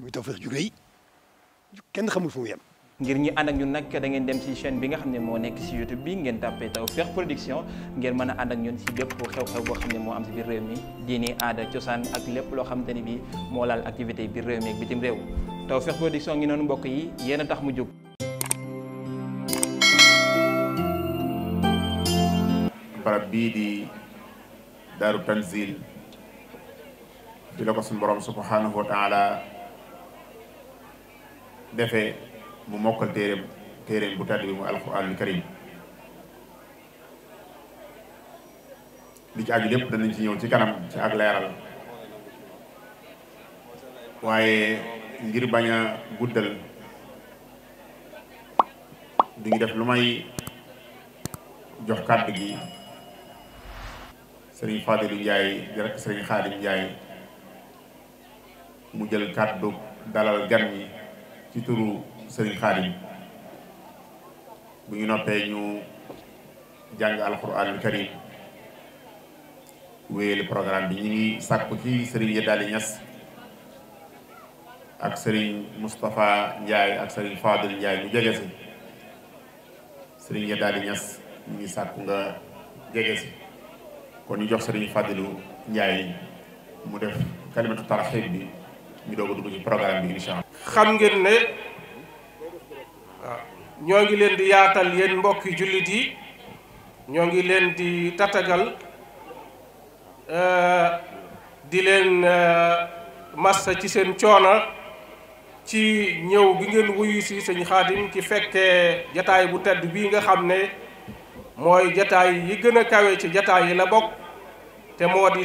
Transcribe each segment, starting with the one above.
muy Tawfekh ju rëy kenn xamul fu mu ngir ñi ànd ak ñun nag dangeen dem ci chaîne bi nga xam ne moo nekk ci YouTube bi ngeen tàppee Tawfekh Production ngeen mën a ànd ak ñun ci bépp xew-xew boo xam ne moo am biir réew mi diini aada cosaan ak lépp loo xamante ni bi moo laal activité biir réew mi ak bitim réew Tawfekh Production ngi noonu mbokk yi yéen a tax mu jóg. bii di Daaru Tanzil defee mu mokkal téere téere bu tàdd bi mu alquranul karim li ci aju lépp danañ ci ñëw ci kanam ci ak leeral waaye ngir bañ a guddal duñu def lu may jox kàdd gi sëriñ Fadilu Njaay di rek sëriñ Xaadim Njaay mu jël kàddu dalal gan ñi ci turu sëriñ Xaadim bu ñu noppee ñu jàng alquranul karim wéyal programme bi ñu ngi sàkku ci sëriñ Yeddaali Ñas ak sëriñ Moustapha Ndiaye ak sëriñ Fadil Ndiaye ñu jege si sëriñ Yeddaali Ñas ñu ngi sàkku nga jege si kon ñu jox sëriñ Fadilu Ndiaye mu def kalimatu tarxib bi ñu doog a dugg ci programme bi incha xam ngeen ne waaw ñoo ngi leen di yaatal yéen mbokki jullit yi ñoo ngi leen di tatagal euh, di leen euh, massa ci seen coona ci ñëw bi ngeen wuyu si sëñ Xaadim ci fekkee jataay bu tedd bii nga xam ne mooy jataay yi gën a kawe ci jataay yi la bokk te moo di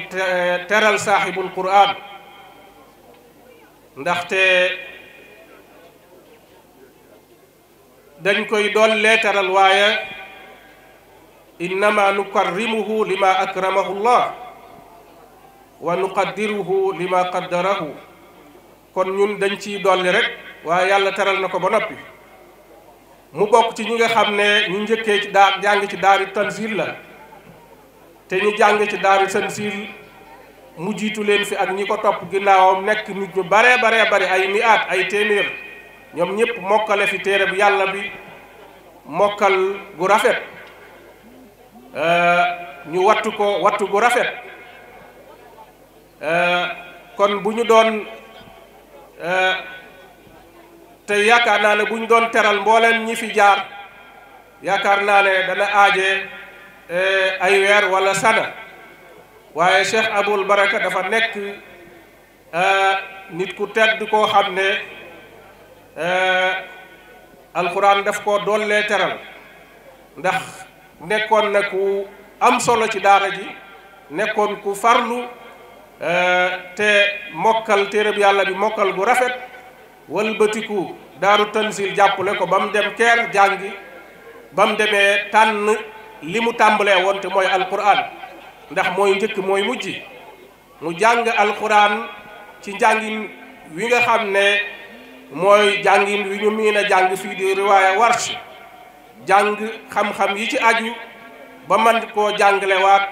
teral saaxibul quraan ndaxte dañ koy dool leetaral waaye innama nukarrimuhu lima akramahu llah wa nuqaddiruhu lima qaddarahu kon ñun dañ ciy dolli rek waaye yàlla teral na ko ba noppi mu bokk ci ñu nga xam ne ñu njëkkee ci daa jàng ci daari tanzil la te ñu jàng ci daari tanzil mu jiitu leen fi ak ñi ko topp ginnaawam nekk nit ñu baree baree bari ay mi'aat ay téeméer ñoom ñëpp mokkale fi téere bu yàlla bi mokkal gu rafet euh, ñu wattu ko wattu gu rafet euh, kon bu ñu doon euh, te yaakaar naa ne bu ñu doon teral mbooleen ñi fi jaar yaakaar naa ne dana aaje ay weer wala sana waaye Cheikh Abul Baraka dafa nekk nit ku tedd koo xam ne Eh, alxuraan daf ko doollee teral ndax nekkoon na ku am solo ci daara ji nekkoon ku farlu eh, te mokkal téereb yàlla bi mokkal bu rafet wëlbatiku daaru tansil jàppale ko ba mu dem keer jàngi ba mu demee tànn li mu tàmbalee woon te mooy alxuraan ndax mooy njëkk mooy mujj mu jàng alxuraan ci njàngin wi nga xam ne mooy jàngin wi ñu miin a jàng fii di riwaaya warsh jàng xam-xam yi ci aju ba man koo jàngalewaat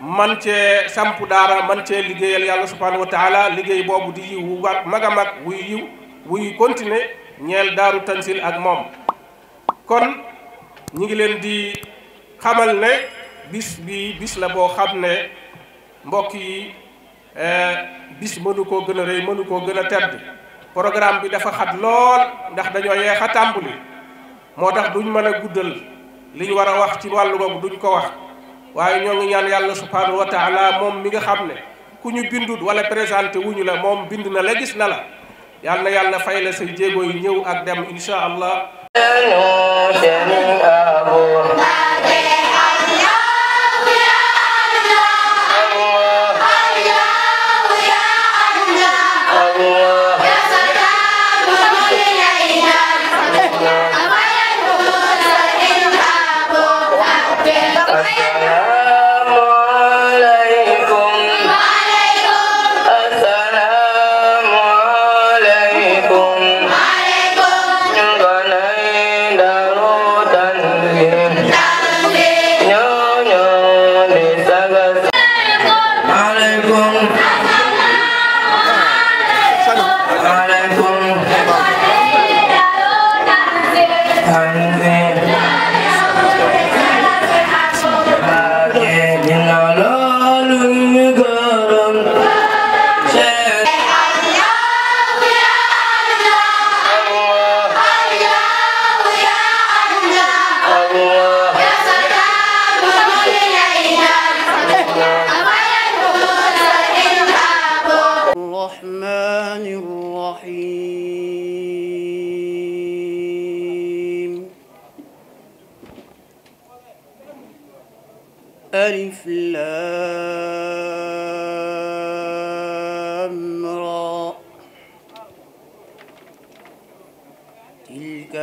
man cee samp daara man cee liggéeyal yàlla subhaanahu wa taala liggéey boobu di yiw wu mag mag a mag wuy yiw wuy continuer ñeel daaru tansil ak moom kon ñi ngi leen di xamal ne bis bi bis la boo xam ne mbokk yi eh, bis mënu koo gën a rëy mënu koo gën a tedd programme bi dafa xat lool ndax dañoo yeex a moo tax duñ mën a guddal liñ war a wax ci wàllu boobu duñ ko wax waaye ñoo ngi ñaan yàlla subhanahu wa taala moom mi nga xam ne ku ñu bindut wala présenté wuñu la moom bind na la gis na la yàlla na yàlla fay la say jéego yi ñëw ak dem incha allah أمرا تلك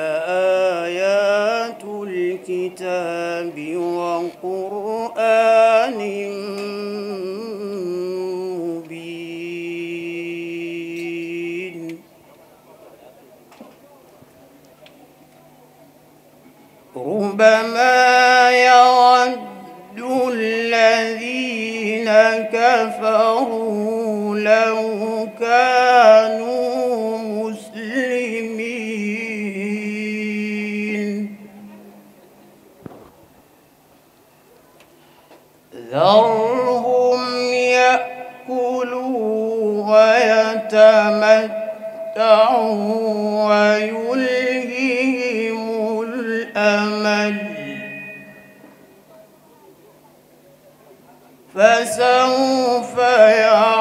آيات الكتاب وقرآن مبين ربما كفروا لو كانوا مسلمين ذرهم يأكلوا ويتمتعوا ويلههم الأمر فسوف يعلم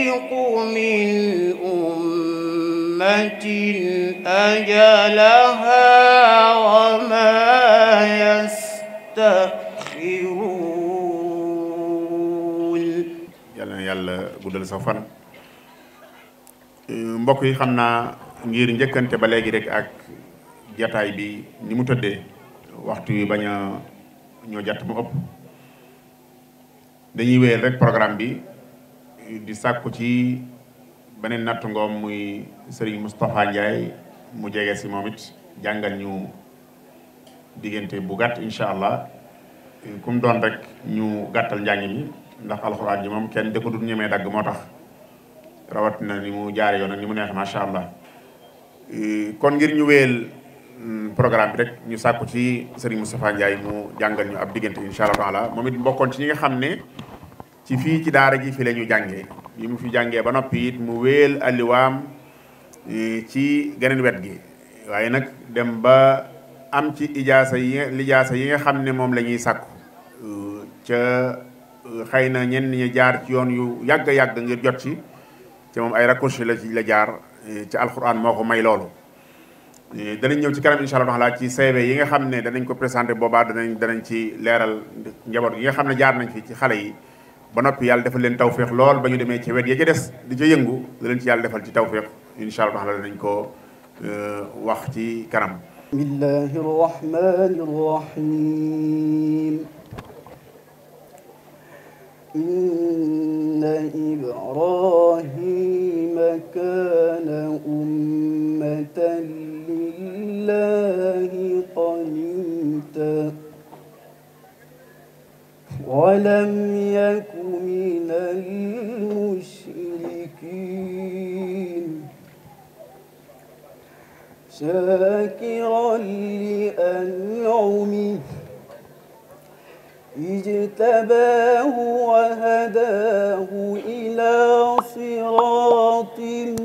يستبق من أمة yàlla yàlla guddal sa fan mbokk yi xam naa ngir njëkkante ba léegi rek ak jataay bi ni mu tëddee waxtu yi bañ a ñoo jàtt mu ëpp dañuy wéyal rek programme bi di sàkku ci beneen nattu ngoom muy Serigne Moustapha Ndiaye mu jege si moom it jàngal ñu diggante bu gàtt incha allah kum doon rek ñu gàttal njàng mi ndax alxuraan ji moom kenn dëkku dul ñemee dagg moo tax rawat na ni mu jaare yoon ni mu neex macha allah kon ngir ñu wéyal mm, programme bi rek ñu sàkku ci Serigne Moustapha Ndiaye mu jàngal ñu ab diggante incha allah taala mbokkoon ci ñi xam ne ci fii ci daara ji fi la ñu jàngee bi mu fi jàngee ba noppi it mu wéel alliwaam e, ci geneen wet gi waaye nag dem ba am ci ijaasa yi lijaasa yi nga xam ne moom lañuy ñuy sàkku e, ca e, xëy na ñenn ñi jaar ci yoon yu yàgg-yàgg ngir jot ci te moom ay raccourci la ci la jaar ci alquran moo ko may loolu danañ ñëw ci kanam incha allah taala ci CV yi nga xam ne danañ ko présenté boobaa danañ danañ ci leeral njaboot yi nga xam ne jaar nañ fii ci xale yi ba noppi yàlla defal leen tawféex lool bañu ñu demee ci wet ya ca des di ca yëngu da leen ci yàlla defal ci tawféex incha allah taala nañ ko euh, wax ci kanam bismillahi rahmani rahim inna ibrahima kana ummatan lillahi qanita walam yakun المشركين شاكرا لأنعمه اجتباه وهداه إلى صراط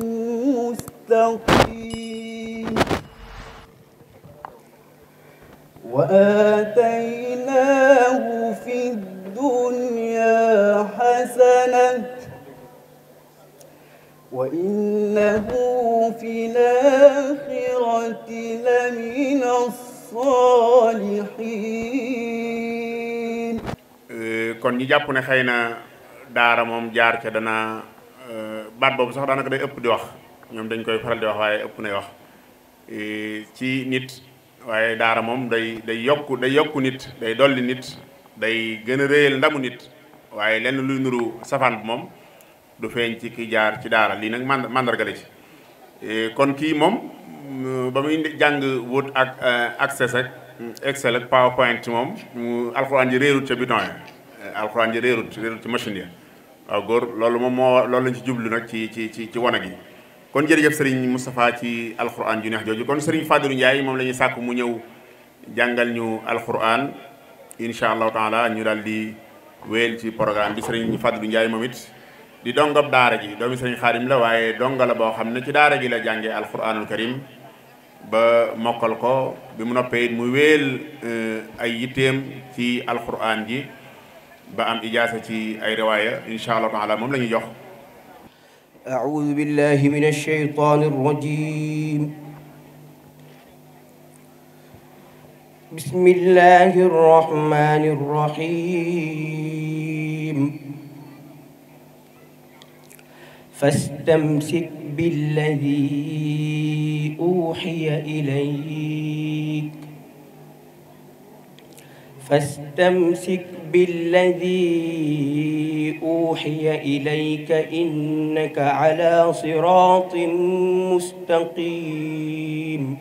مستقيم وآتيناه في الدنيا وإنه في الآخرة لمن الصالحين euh, kon ñu jàpp ne xëy na daara moom jaar ca dana euh, baat boobu sax daanaka day ëpp di wax ñoom dañ koy faral di wax waaye ëpp nay wax euh, ci nit waaye daara moom day day yokk day yokku nit day dolli nit day gën a réyal ndamu nit waaye lenn luy nuru safaan bi moom du feeñ ci ki jaar ci daara lii nag mandarga la ci e, kon kii moom mm, ba muy jàng Word ak eh, Access ak mm, Excel ak ci moom alxuraan ji réerut ca bidon ya eh, alxuraan ji réerut ci machine ya waaw góor loolu moom moo loolu lañ ci jublu nag ci ci ci ci wanag yi kon jërëjëf sëriñ Moustapha ci alxuraan ju neex jooju kon sëriñ Fadilou Ndiaye moom la ñuy sàkk mu ñëw jàngal ñu alxuraan incha allahu taala ñu daal di wéyal ci programme bi sëriñ Fadilou Ndiaye moom it di dongob daara ji doomi sëriñ xaadim la waaye donga la boo xam ne ci daara ji la jàngee alquranul karim ba mokkal ko bi mu noppee it mu wéel eh, ay yitteem ci alquran ji ba am ijaasa ci ay riwaaya insha allah taala moom la ñu jox أعوذ بالله من الشيطان الرجيم بسم الله الرحمن الرحيم فاستمسك بالذي أوحي إليك فاستمسك بالذي أوحي إليك إنك على صراط مستقيم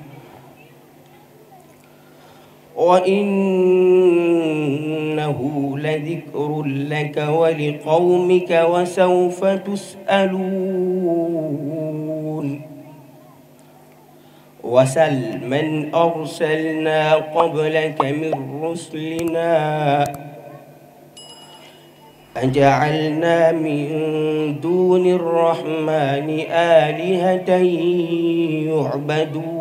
وإنه لذكر لك ولقومك وسوف تسألون وسل من أرسلنا قبلك من رسلنا أجعلنا من دون الرحمن آلهة يعبدون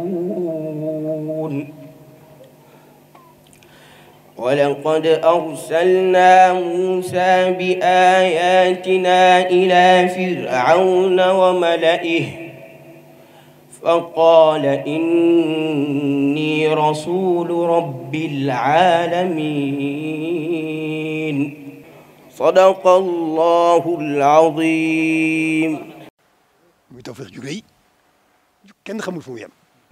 ولقد أرسلنا موسى بآياتنا إلى فرعون وملئه فقال إني رسول رب العالمين صدق الله العظيم muy tawfeex ju rëy kenn xamul fu mu yem